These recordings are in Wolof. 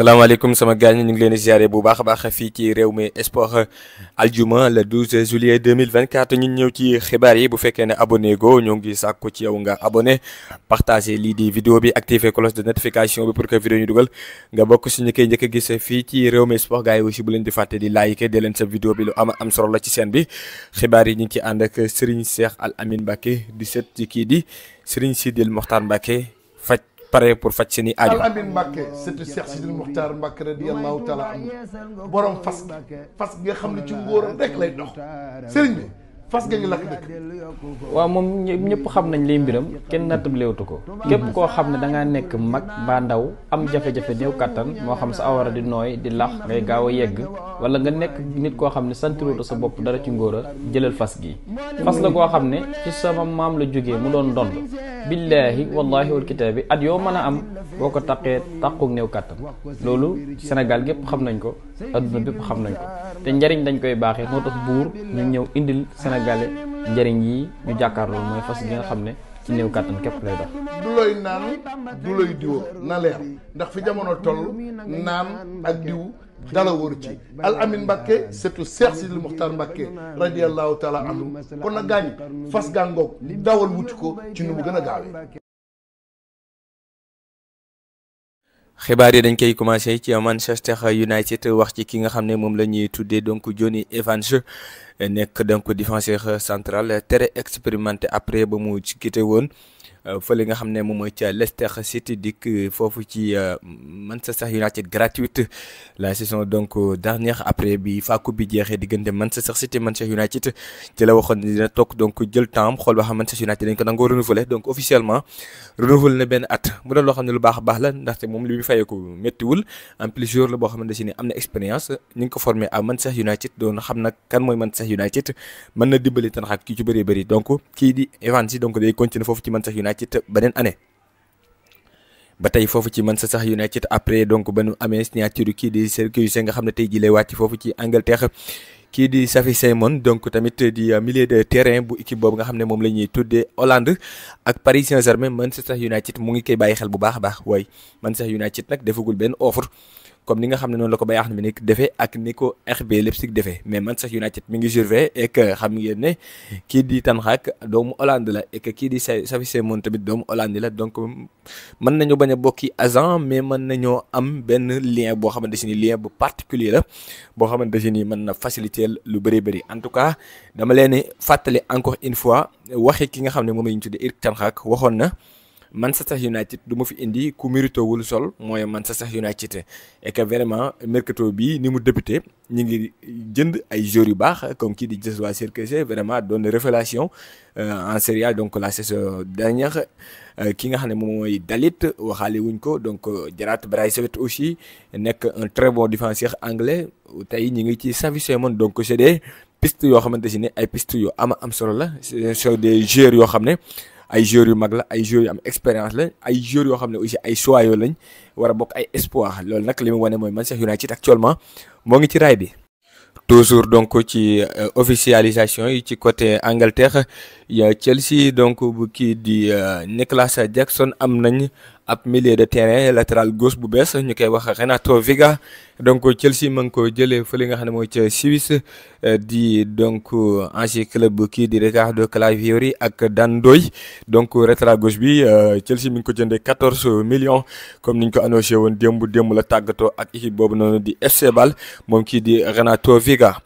salaamaaleykum sama gars ñi ñu ngi leen di ziare bu baax a baax fii ci réew mi sport aljuma le 12 juillet 2024 ñu ñëw ci xibaar yi bu fekkee ne abonné go ñoo ngi sàkku ci yow nga abonné partagé lii di vidéo bi activé cloche de notification bi pour que vidéo ñu dugal nga bokk suñu koy njëkk a gis fii ci réew mi sport gars yi aussi bu leen di fàtte di like de leen sa vidéo bi lu am am solo la ci seen bi xibaar yi ñu ngi ci ànd ak Serigne Cheikh Al Amin Mbacké kii di Serigne Sidil Mokhtar Mbacké pare pour faj seen i aajo. al amin Mbacke sëtu Cheikh Sidil Muxtaar Mbacke radiyallahu fas gi fas gi nga xam ne ci ngóoram rek lay dox sëriñ bi fas ga ngi lakk dëkk. waaw moom ñëpp xam nañ lay mbiram kenn nattab léewtu ko. képp koo xam ne da nekk mag mbaa ndaw am jafe-jafe néew kattan moo xam sa awara di nooy di lax ngay gaaw a yegg wala nga nekk nit koo xam ne santirooto sa bopp dara ci ngóor a jëlal fas gi. fas la koo xam ne ci sama maam la jógee mu doon dond billaahi wallaahi wal kitaabi at yoo mën a am boo ko taqee taquk néew kàttan loolu Sénégal gépp xam nañ ko adduna bépp xam nañ ko te njariñ dañ koy baaxee moo tax buur ñu ñëw indil Sénégalais njariñ yi ñu jàkkaarloo mooy fas gi nga xam ne ci néew kàttan képp lay dox du looy naan du looy diwoo na leer ndax fi jamono toll naan ak diw dara wóoru ci al amin Mbacke surtout Cheikh Sidil Muxtar Mbacke radiallahu taala anhu kon na gaañi fas ko ci nu yi dañ koy commencé ci Manchester United wax ci ki nga xam ne moom la ñuy tuddee donc Jonny Evans nekk donc défenseur central très expérimenté après ba mu ci quitté woon Euh, fële nga xam ne moom mooy ca Leicester City dikk euh, foofu ci euh, Manchester United gratuite la saison donc dernière après bi fàkku bi jeexee diggante Manchester City Manchester United ci la waxoon dina toog donc jël temps xool ba xam Manchester United dañ ko nangoo renouveler donc officiellement renouveler at loo xam ne lu baax baax la ndaxte moom li muy fayeeku méttiwul en plus jour la boo xamante si ni am na expérience ñu ngi ko formé à Manchester United doon xam nag kan mooy Manchester United mën na dimbali Ten ki ci bëri bëri donc kii di Evans donc day continuer foofu ci Manchester United ci United beneen année ba tey foofu ci Manchester United après donc ba nu amee signature kii di Syracuse nga xam ne tey jii lay wàcc foofu ci Angleterre kii di safi Xavi Simons donc tamit di milieu de terrain bu équipe boobu nga xam ne moom la ñuy tuddee Hollande ak Paris Saint-Germain Manchester United mu ngi koy bàyyi xel bu baax a baax waaye Manchester United nag defagul benn offre. comme ni nga xam ne noonu la ko Bayern Munich defee ak ni ko RB Leipzig defee mais Manchester United mi ngi surveiller et que xam ngeen ne kii di Ten xaak doomu Hollande la et kii di Xavi Simons tamit doomu Hollande la donc mën nañu bañ a bokki agent mais mën nañoo am benn lien boo xamante si ni lien bu particulier la boo xamante si ni mën na faciliter lu bëri bëri en tout cas dama leen fàttali encore une fois waxi ki nga xam ne moom la ñu tuddee Erik Ten Hag waxoon na. Manchester United du ma fi indi ku mérito wul sol mooy Manchester United et que vraiment mercato bi ni mu débuté ñu ngi jënd ay joueurs yu baax comme kii di Joshua Zirkzee vraiment doon révélation euh, en Serie donc la saison dernière euh, ki nga xam ne moom mooy Dalit waxaale wuñ ko donc Jarrad euh, Braithwaite aussi nekk un très bon défenseur anglais tey ñu ngi ci Xavi Simons donc c'est des pistes yoo xamante si ne ay pistes yu ama am solo la c'est des joueurs yoo xam ne. ay joueurs yu mag la ay joueurs yu am expérience la ay joueurs yoo xam ne aussi ay choix yoo lañ war a bokk ay espoir loolu nag li mu wane mooy Manchester United actuellement moo ngi ci raay bi. toujours donc ci euh, officialisation yi ci côté Angleterre ya Chelsea donc bu kii di euh, Nicolas Jackson am nañ. ab milieu de terrain latéral gauche bu bees ñu koy wax Renato Viga donc Chelsea ma ngi ko jëlee fële nga xam ne mooy ca Suisse euh, di donc euh, ancien club kii di Ricardo Claviori ak Dan Ndoye donc latéral gauche bi euh, Chelsea mi ngi ko jëndee quatorze million comme ni ñu ko annoncé woon démb démb la tàggatoo ak équipe boobu noonu di FC Bâle moom kii di Renato Viga.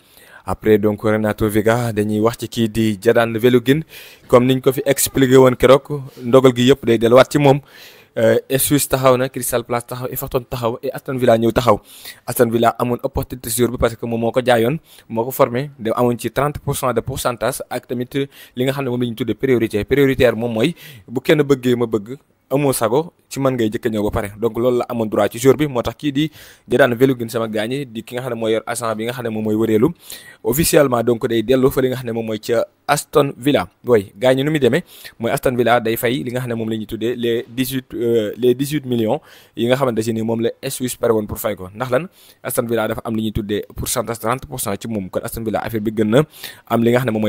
après donc Renato Viga dañuy wax ci kii di Jadane Velugin comme niñ ko fi expliqué woon keroog ndogal gi yëpp day delluwaat ci moom e Suisse taxaw na Crystal Palace taxaw Everton taxaw et Aston Villa ñëw taxaw Aston Villa amoon opportunité sur bi parce que moom moo ko jaayoon moo ko formé da amoon ci 30 pour cent de pourcentage ak tamit li nga xam ne moom la ñu tuddee priorité prioritaire moom mooy bu kenn bëggee ma bëgg amoo sago ci man ngay jëkk ñëw ba pare donc loolu la amoon droit ci jour bi moo tax kii di Jadane Velugin sama gaañi di ki nga xam ne mooy yor agent bi nga xam ne moom mooy wëreelu officiellement donc demee mooy Aston Villa day fay li nga xam ne moom la ñuy tuddee euh, nga xamante moom la Suisse pare woon pour fay ko ndax lan Aston Villa dafa am li ñuy tuddee pourcentage 30 am li nga xam ne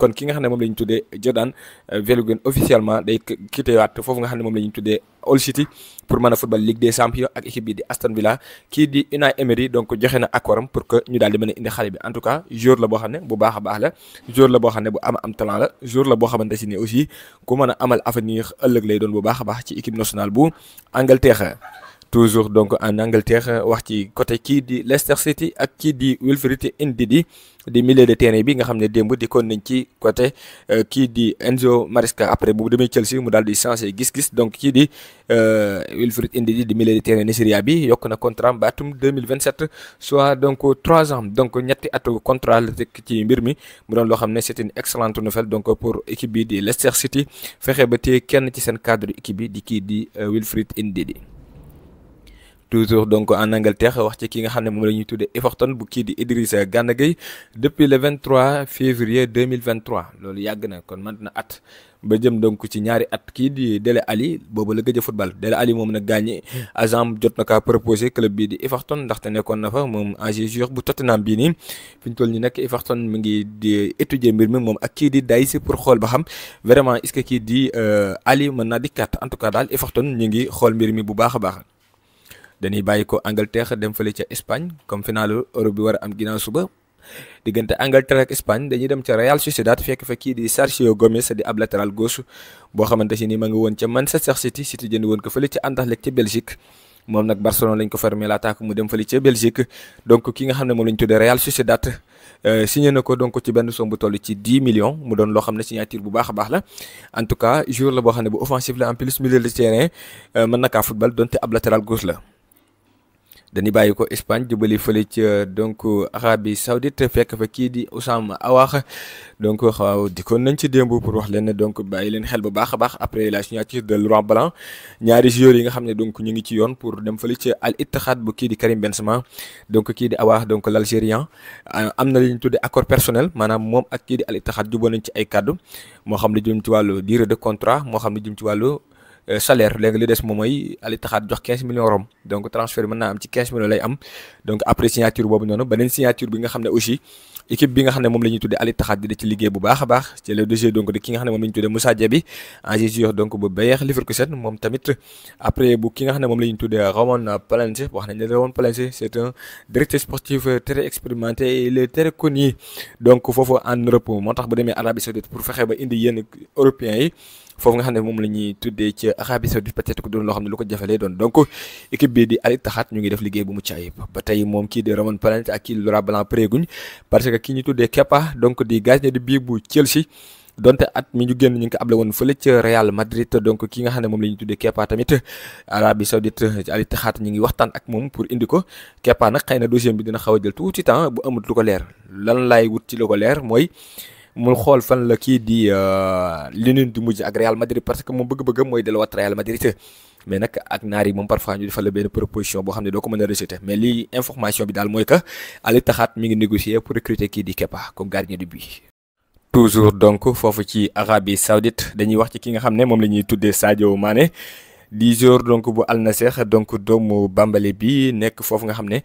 kon ki nga xam moom la ñu tuddee Jadane euh, Velugin officiellement day quitté waat foofu nga xam ne moom la ñuy tuddee Hull City pour mën a football Ligue des Champions ak équipe bi di Aston Villa kii di Unai Emery donc joxe na accord pour que ñu daal di mën a indi xale bi en tout cas joueur la boo xam ne bu baax a baax la joueur la boo xam ne bu am am talent la joueur la boo xamante si ne aussi ku mën a amal avenir ëllëg lay doon bu baax a baax ci équipe nationale bu Angleterre. toujours donc en Angleterre wax ci côté kii di Leicester City ak kii di Wilfried Ndidi di milieu de terrain bi nga xam ne démb dikkoon nañ ci côté euh, kii di Enzo Maresca après bu demee Chelsea mu daal di changé gis-gis donc kii di euh, Wilfried Ndidi di milieu de terrain Nigeria bi yokk na contrat ba atum 2027 soit donc trois ans donc ñetti atu contrat la teg ci mbir mi mu doon loo xam ne c'est une excellente nouvelle donc pour équipe bi di Leicester City fexe ba téye kenn ci seen cadre équipe bi di kii di euh, Wilfried Ndidi toujours donc en Angleterre wax ci ki nga xam ne moom la ñuy tuddee Everton bu kii di Idrissa Gana Gueye depuis le 23 février 2023 loolu yàgg na kon mën na at ba jëm donc ci ñaari at kii di Dele Ali boobu la gëj a football Dele Ali moom nag gaañi agent jot na kaa proposé club bii di Everton ndaxte nekkoon na fa moom ancien joueur bu Tottenham bii nii fi ñu toll nii nag Everton mi ngi di étudier mbir mi moom ak kii di Dice pour xool ba xam vraiment est kii di euh, Ali mën di kat en tout cas daal Everton ñu ngi xool mbir mi bu baax baax. dañuy bàyyi ko Angleterre dem fële ca Espagne comme finalu Europe bi war a am ginnaaw suba diggante Angleterre ak Espagne dañuy dem ca Real Sociedad fekk fa kii di Sergio Gómez di ab latéral gauche boo xamante si ni ma ngi woon ca Manchester City City jënd woon ko fële ca Anderlecht ca Belgique moom nag Barcelone lañ ko fermé l'attaque mu dem fële ca Belgique donc ki nga xam ne moom lañ tuddee Real Sociedad euh, signé na ko donc ci benn somme bu toll ci 10 millions mu doon loo xam ne a baax la en ne bu offensif la en plus milieu de terrain euh, la. dañu bàyyi ko Espagne jubali fële ca donc Arabie Saoudite fekk fa kii di au Oussama Awaax donc xaw dikkoon nañ ci démb pour wax leen ne donc bàyyi leen xel bu baax a baax après la signature de Laurent Blanc ñaari joueurs yi nga xam ne donc ñu ngi ci yoon pour dem fële ca Al Ittihad bu kii di Karim Benzema donc kii di Awaax donc l' Algérien euh, am na li ñu tuddee accord personnel maanaam moom ak kii di Al Ittihad jubóo nañ ci ay kàddu moo xam lu jëm ci wàllu durée de contrat moo xam lu jëm ci wàllu. Euh, salaire léegi li des moom mooy Ali Taxaat jox 15 millions rom donc transfert mën naa am ci 15 millions lay am donc après signature boobu noonu beneen signature bi nga xam ne aussi équipe bi nga xam ne moom la ñuy tuddee Ali Taxaat di ci liggéey bu baax a baax ci le dossier donc ki nga xam ne moom la ñuy tuddee Moussa Diaby en joueur donc bu Bayer Leverkusen moom tamit après bu ki nga xam ne moom la ñuy tuddee Ramon Planchet wax nañ ne Ramon Planchet c'est un directeur foofu en Europe moo tax bu demee Arabie Saoudite pour fexe ba indi yenn européens yi foofu nga xam ne moom la ñuy tuddee ci Arabie Saoudite peut-être ku doon loo xam ne lu ko jafalee doon donc équipe bii di Al Ittihad ñu ngi def liggéey bu mucc ayib ba tey moom kii di ki ñu tuddee Kepa donc di gardien de bu Chelsea donte at ñu génn ñu ngi ko able woon fële ca Real Madrid donc ki nga xam ne moom la ñu tuddee Kepa tamit Arabie Saoudite Al Ittihad ñu ngi waxtaan ak moom pour indi ko Kepa nag xëy na dossier bi dina xaw a jël tuuti temps bu amut lu ko leer lan laay wut ci lu ko leer mooy mu xool fan la kii di euh, li leneen di mujj ak Real Madrid parce que moom bëgg-bëggam mooy delluwaat Real Madrid mais nag ak naar yi moom parfois ñu defal la benn proposition boo xam ne doo ko mën a rejeter mais lii information bi daal mooy que Ali Taxaat mi ngi négocier pour recruter kii di Kepa comme gardien de but. toujours donc foofu ci Arabie Saoudite dañuy wax ci ki nga xam ne moom la ñuy tuddee Sadio Mané di joueur donc bu Al Nassr donc doomu Bambali bi nekk foofu nga xam ne.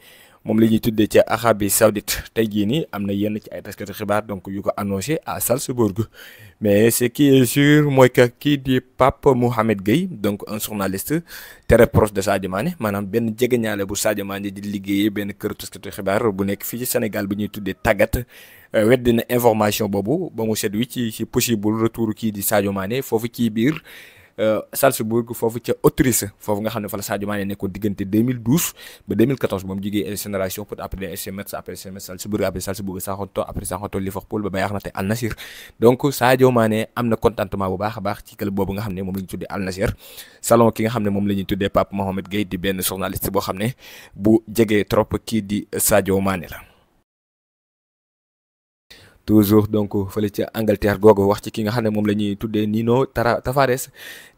moom la ñuy tuddee ca Arabie Saoudite tey jii nii am na yenn ci ay taskatu xibaar donc yu ko annoncé à Salzbourg mais ce qui est sûr mooy que kii di Pape Mohamed Gueye donc un journaliste très proche de Sadio Mané maanaam benn jege ñaale bu Sadio Mané di liggéeyee benn kër taskatu xibaar bu nekk fii ci Sénégal bi ñuy tuddee tàggat euh, weddi na information boobu ba mu set wi ci ci possible retour kii di Sadio Mané foofu ci biir. Euh, Salzbourg foofu ca Autriche foofu nga xam ne fa la Sadio Mané nekkoon diggante 2012 ba 2014 moom jugee génération pour après am na contentement bu baax a baax ci club boobu nga xam ne moom la ñu tuddee Al Nassr salon ki nga xam ne moom la tuddee Pape Mohamed Gueye benn journaliste boo xam ne bu jegee trop kii di Sadio Mané la toujours donc fële ca Angleterre googu wax ci ki nga xam ne moom la ñuy tuddee Nino Tara Tavares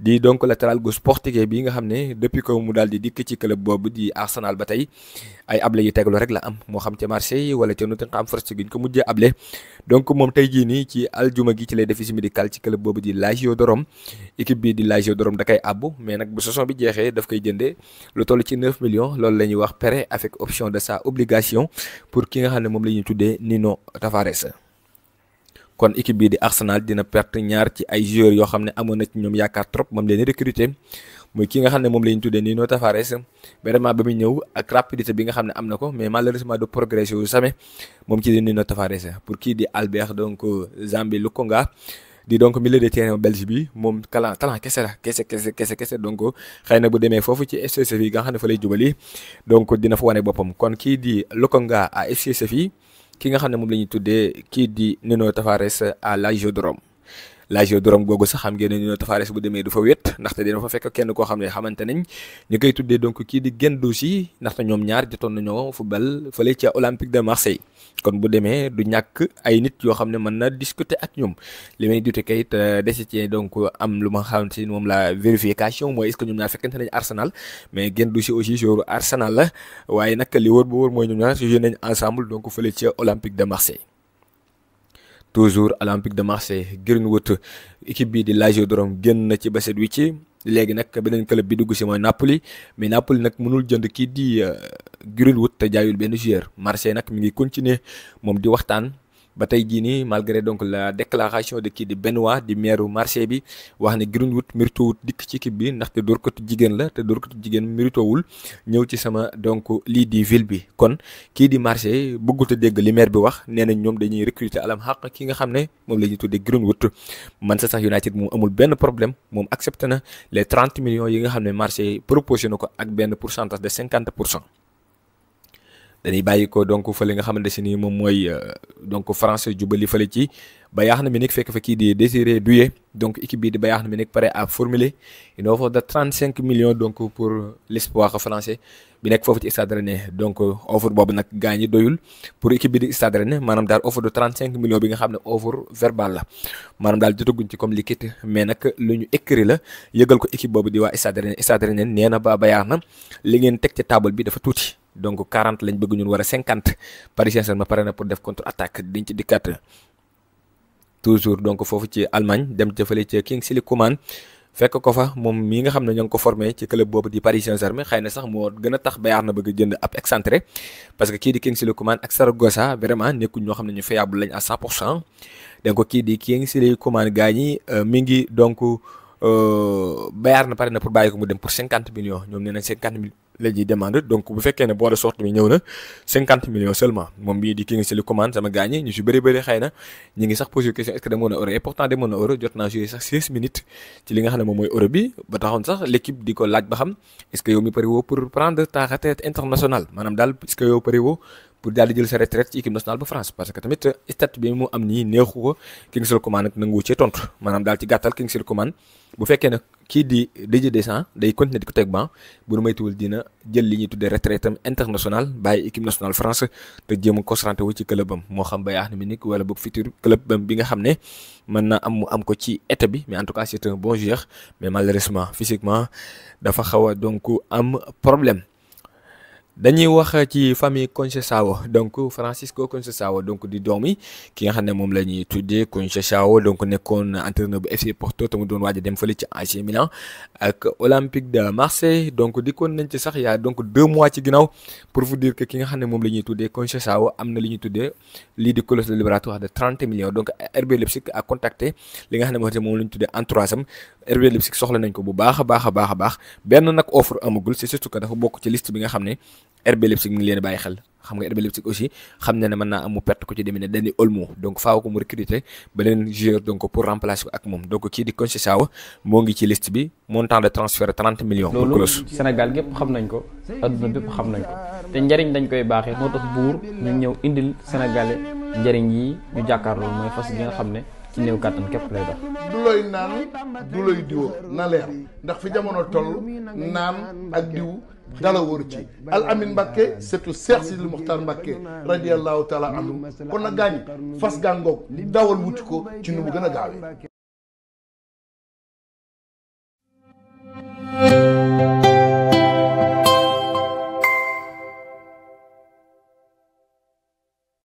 di donc latéral gauche portugais bi nga xam ne depuis que mu daal di dikk ci club boobu di Arsenal ba tey ay able yu teglu rek la am moo xam ca Marseille wala ca Nottingham Forest gi ñu ko able donc moom tey jii nii ci aljuma gi ci lay déficit médical ci club boobu di Lazio de Rome bi di Lazio de Rome da koy àbbu mais nag bu saison bi jeexee daf koy jëndee lu toll ci 9 millions loolu la ñuy wax prêt avec option de sa obligation pour ki nga xam ne moom la ñuy tuddee Nino Tavares. kon équipe bii di Arsenal dina perte ñaar ci ay joueurs yoo xam ne amoon na ci ñoom yaakaar trop moom leen recruter muy ki nga xam ne moom la ñu tuddee Nuno Tavares vraiment ba mu ñëw ak rapidité bi nga xam ne am na ko mais malheureusement de progresser wu jamais moom kii di Nuno Tavares pour kii di Albert donc Zambi nga di donc milieu de terrain belge bi moom talent talent kese la kese kese kese kese donc xëy na bu demee foofu ci FC Séville yi nga xam ne fa lay jubali donc dina fa wane boppam kon kii di Lokonga à FC Séville ki nga xam ne moom la ñuy tuddee kii di Nuno Tavares à l'Agiodrome Lagiodrome googu sax xam ngeen ne ñu ne Tavares bu demee du fa wét ndaxte dina fa fekk kenn koo xam ne xamante nañ ñu koy tuddee donc kii di Guendouzi ndaxte ñoom ñaar jotoon nañoo football fële ca Olympique de Marseille kon bu demee du ñàkk ay nit yoo xam ne mën na discuter ak ñoom li may dute kayit euh, desi ci donc am lu ma xam si moom la vérification mooy est-ce que ñoom ñaar fekkente nañ Arsenal mais Guendouzi aussi joueur Arsenal la waaye nag li wër bu wër ñaar joué nañ ensemble donc fële ca Olympique de toujours Olympique de Marseille Greenwood équipe bi di Lazio-Rome génn na ci baset wi ci léegi nag beneen club bi dugg si mooy Napoli mais Napoli nag mënul jënd kii di euh, Greenwood te jaayul benn joueur Marseille nag mu ngi continuer moom di waxtaan ba tey jii nii malgré donc la déclaration de kii di Benoît di maire Marseille bi wax ne Greenwood méritowul dikk ci équipe bi ndaxte dóorkatu jigéen la te dóorkatu jigéen wul ñëw ci sama donc lii di ville bi kon kii di Marseille bëggut a dégg li maire bi wax nee nañ ñoom dañuy recruter alam xaq ki nga xam ne moom la ñuy tuddee sa Manchester United moom amul benn problème moom accepté na les 30 million yi nga xam ne Marseille proposé na ko ak benn pourcentage de 50 pour cent dañuy bàyyi ko donc fële nga xamante si ni moom mooy euh, donc France jubali fële ci ba na Bayern Munich fekk fa kii di Désiré Doué donc équipe bii di Bayern Munich prêt à formuler une offre de 35 millions donc pour l'espoir français bi nekk foofu ci Stade donc euh, offre boobu nag gaa ñi doyul pour équipe bi di Stade Rennais maanaam daal offre de cinq millions bi nga xam ne offre verbale la maanaam daal jotaguñ ci comme liquide mais nag lu ñu écrit la yëgal ko équipe boobu di waa Stade Rennais Stade Rennais nee na na li ngeen teg ci table bi dafa tuuti. donc quarante lañ bëgg ñun war a 50 Paris Saint-Germain pare na pour def contre attaque diñ ci dikkaat toujours donc foofu ci Allemagne dem jëfale ci Kingsley Coman fekk ko fa moom mii nga xam ne ñoo ngi ko formé ci club boobu di Paris Saint-Germain xëy na sax moo gën a tax Bayern na bëgg jënd ab excentré que kii di Kingsley Coman ak Saragossa vraiment nekkuñ ñoo xam ne ñu fiable lañ à 100 pour cent donc ko kii di Kingsley Coman gaa ñi euh, mi ngi donc euh, Bayern na pare na pour bàyyi ko mu dem pour 50 ñoom nee nañ 50 millions la ñuy demande donc bu fekkee ne boo de sorte bi ñëw na 50 millions seulement moom bii di ki nga si li commande sama gars ñu si bëri bëri xëy na ñu ngi sax posé question est-ce que demoon na euro et pourtant demoon na euro jot naa joué sax 6 minutes ci li nga xam ne moom mooy euro bi ba taxoon sax l'équipe di ko laaj ba xam est-ce que yow mi pare pour prendre ta retraite internationale maanaam daal est-ce que yow pare pour daal di jël sa retraite ci équipe nationale bu France parce que tamit euh, statut bi mu am nii neexu ko Kingsley Coman nag nangu cee tontu maanaam daal ci gàttal Kingsley Coman bu fekkee nag kii di Didier Deschamps day continuer ko teg banc bu nu moytuwul dina jël li ñuy tuddee retraite am international bàyyi équipe nationale France te jéem a concentré wu ci clubam moo xam Bayern Munich wala boog futur clubam bi nga xam ne mën na am mu am ko ci été bi mais en tout cas c'est un bon joueur mais malheureusement physiquement dafa a donc am problème. dañuy wax ci famille Conceicao donc Francisco Conceicao donc di doom doomi ki nga xam ne moom la ñuy tuddee Conceicao donc nekkoon entraîneur bu FC Porto te doon waaj a dem fële ci AC Milan ak Olympique de Marseille donc kon nañ ci sax yaa donc deux mois ci ginnaaw pour vous dire que ki nga xam ne moom la ñuy tuddee Conceicao am na li ñu tuddee lii di clause libératoire de 30 millions donc RB Leipzig a contacté li nga xam ne moo moom la tuddee entourage am RB Leipzig nañ ko bu baax a baax a a baax benn nag offre amagul c'est surtout que dafa bokk ci liste bi nga xam ne RB Leipzig mi ngi leen bàyyi xel xam nga RB Leipzig aussi xam na ne naa am mu perte ko ci demee ne Dani Olmo dañ koy baaxee moo tax buur ñu ñëw indil Sénégalais njariñ yi ñu jàkkaarloo mooy fas yi nga xam ne. ci néew kàttan képp lay dox. du looy naan du looy diwoo na leer ndax fi jamono toll naan ak diw. dala wóor ci al amin Mbakke surtout Cheikh Sidil Muxtar Mbakke radiallahu taala anhu kon na gaañi fas gaa ngoog dawal wuti ko ci nu mu gën a gaawee